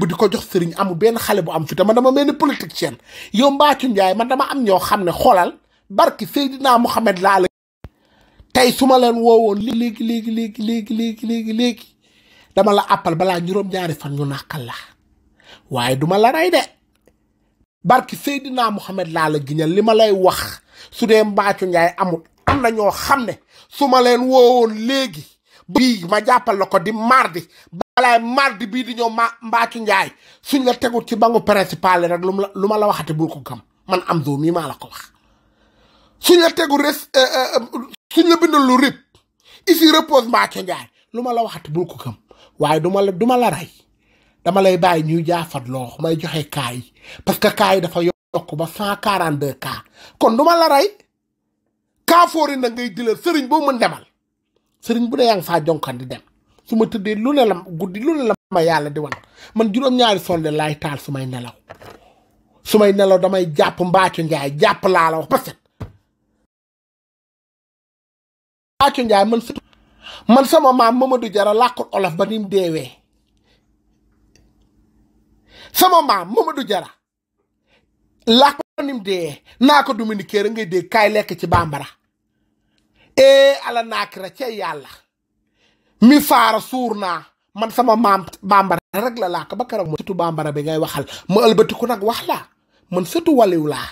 bu di ko jox sëriñ amul benn xale bu am fi te man dama mel ni politicien yow Mbathio Ndiaye man dama am ñoo xam ne xoolal barki Seydina Mohamed laa la su ma leen woowoon léegi léegi léegi léegi léegi dama la appal balaa juróom fan ñu nàkkal waaye duma la de barki Seydina Mohamed laa la giñal li ma lay wax su dee Mbathio njaay amul am na ñoo xam ne su ma leen woowoon léegi bii ma jàppal la ko di mardi walaay mardi bii di ñëw ma Mbathio Ndiaye suñ la tegut ci bangu principal rek lu ma lu ma la waxate bul ko gëm man am zoo mii maa la ko wax suñ la tegu res eh, eh, eh, suñ la lu rip ici repose Mbathio lu ma la waxate bul ko gëm waaye du la duma ma la rey dama lay bàyyi ñuy jaafat loo may joxe cas yi parce que cas yi dafa yokk ba cent quarante deux cas kon du ma la rey cas foori na ngay dilal sëriñ boo mën demal sëriñ bu dee yaa ngi faa jonkan di dem su ma lu nelam guddi lu ne ma yàlla di wan man juróom-ñaari solde laay sumay su nelaw su may nelaw damay jàpp mbaacu njaay jàpp laa la wax parce que mbaacu njaay man man sama maam Mamadou Jara làkkul olof ba nim dee deewee sama maam du Jara làkkul ba ni mu deewee naa ko Dominique ngay dégg kaay lekk ci bambara. ee eh, ala naakira cey yàlla mi faara suur naa man sama maam bambara rek la laaka ba karam surtout bambara bi ngay waxal ma ëlbatiku nag wax laa man surtout waliw laa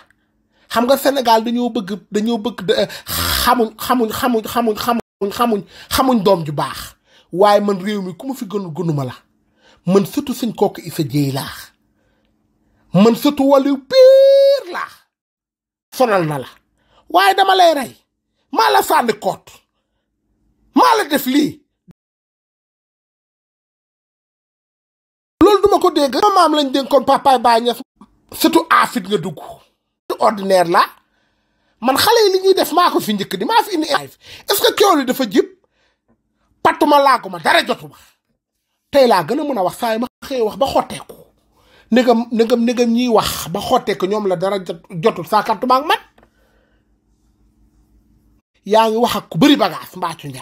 xam nga Sénégal dañoo bëgg dañoo bëgg eh, xamuñ xamuñ xamuñ xamuñ xamuñ xamuñ doom ju baax waaye man réew mi ku ma fi gënul gënuma la man surtout suñ kooku Issa Dieye laa man surtout waliw piir laa sonal na la waaye dama lay rey maa la sànni koot maa la def lii loolu duma ko dégg sama maam lañ dénkoon papaay baa Ñas surtout afit nga dugg ordinaire la man xale yi li ñuy def maa ko fi njëkk di maa fi indi est-ce que kéwél yi dafa jib pattuma laaguma dara jotuma tey laa gën a mën a wax saa yi ma xëy wax ba xotteeku ndegam ndegam ndegam ñiy wax ba xotteeku ñoom la dara jotul saa kàttuma ak man yaa ngi waxak ak ku bëri bagage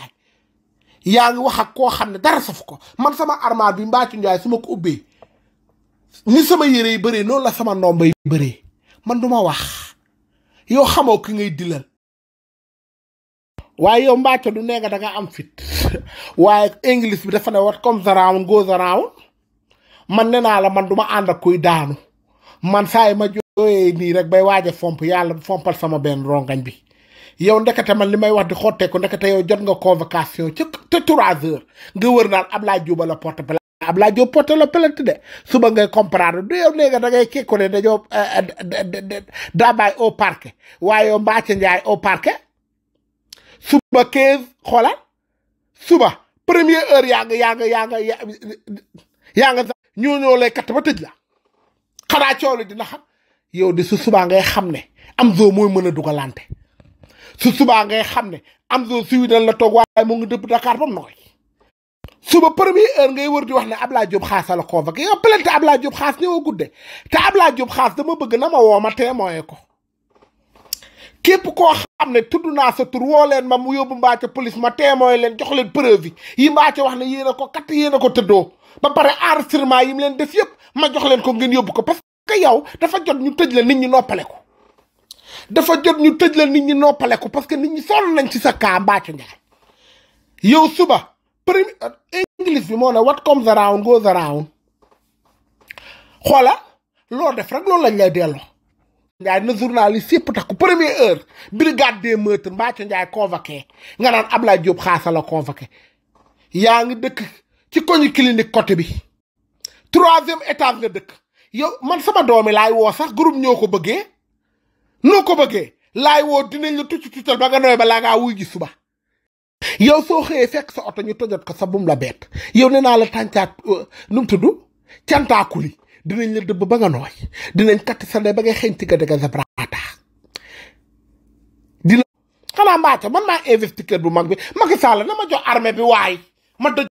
yaa ngi wax koo xam ne dara saf ko man sama armoire bi Mbathio Ndiaye suma ko ubbee ni sama yére yi bëree noonu la sama ndomba yi bëree man du ma wax yow xamoo ki ngay dilal waaye yow mbàcco du nee nga da am fit waaye english bi dafa ne what comes around goes around man ne naa la man duma ànd ak kuy daanu man saa yi ma jooyee nii rek bay waaja fomp yàlla bu fompal sama benn rongañ bi yow ndekete man li may wax di xotteeku ndekete yow jot nga convocation ca te trois heures nga wër naan Ablaye Diouba la porte Abdoulaye Diop porté la plainte de suba ngay comprendre du yow léegi da ngay kekku ne dañoo eh, eh, daabay au parquet waaye yow Mbathio Ndiaye o parke suba 15 xoolal suba premier heure yaa nga yaa nga yaa nga yaa nga sax ñoo ba tëj la xanaa coow dina xam yow di su suba ngay xam ne am soo mooy mën a dugalante su subaa ngay xam ne Amzo suy dañ la toog waaye mu ngi dëpp Dakar ba nooy suba première heure ngay wër di wax ne ab Ablaye Diop xaasa la convoqué yow plainte Ablaye Diop xaas ñëw gudde te laa Diop xaas dama bëgg na ma woo ma témoin ko képp koo xam ne tudd naa sa tur woo leen ma mu yóbbu mbaa ca police ma témoin leen jox leen preuve yi mbaa ca wax ne yéen ko kat yéen ko tëddoo ba pare enregistrement yi mu leen def yëpp ma jox leen ko ngeen yóbbu ko parce que yow dafa jot ñu tëj la nit ñi noppale dafa jot ñu tëj la nit ñi noppale ko parce que nit ñi sonn nañ ci sa kaa mbaa suba premier english bi moo ne what comes around goes around xoola loo def rek loolu lañ lay delloo Njaay na journaliste yëpp takku première heure brigade des meurtres Mbathio Ndiaye convoqué nga naan Ablaye Diop xaasa la convoqué yaa ngi dëkk ci koñu clinique coté bi troisième étage nga dëkk yow man sama doomi laay woo sax groupe ñoo ko bëggee noo ko bëggee laay woo dinañ la tucc tuccal ba nga nooy balaa ngaa wuy gis suba yow soo xëyee fekk sa oto ñu tojat ko sa bum la bett yow nee naa la tàncaat euh, nu mu tudd cantaakuli dinañ la dëbb ba nga nooy dinañ katt sa ne ba nga xeeñ ci gàdda sa braata dina xanaa mbaaco man naa investisseur bu mag bi Macky Sall na ma jox armée bi waay ma doj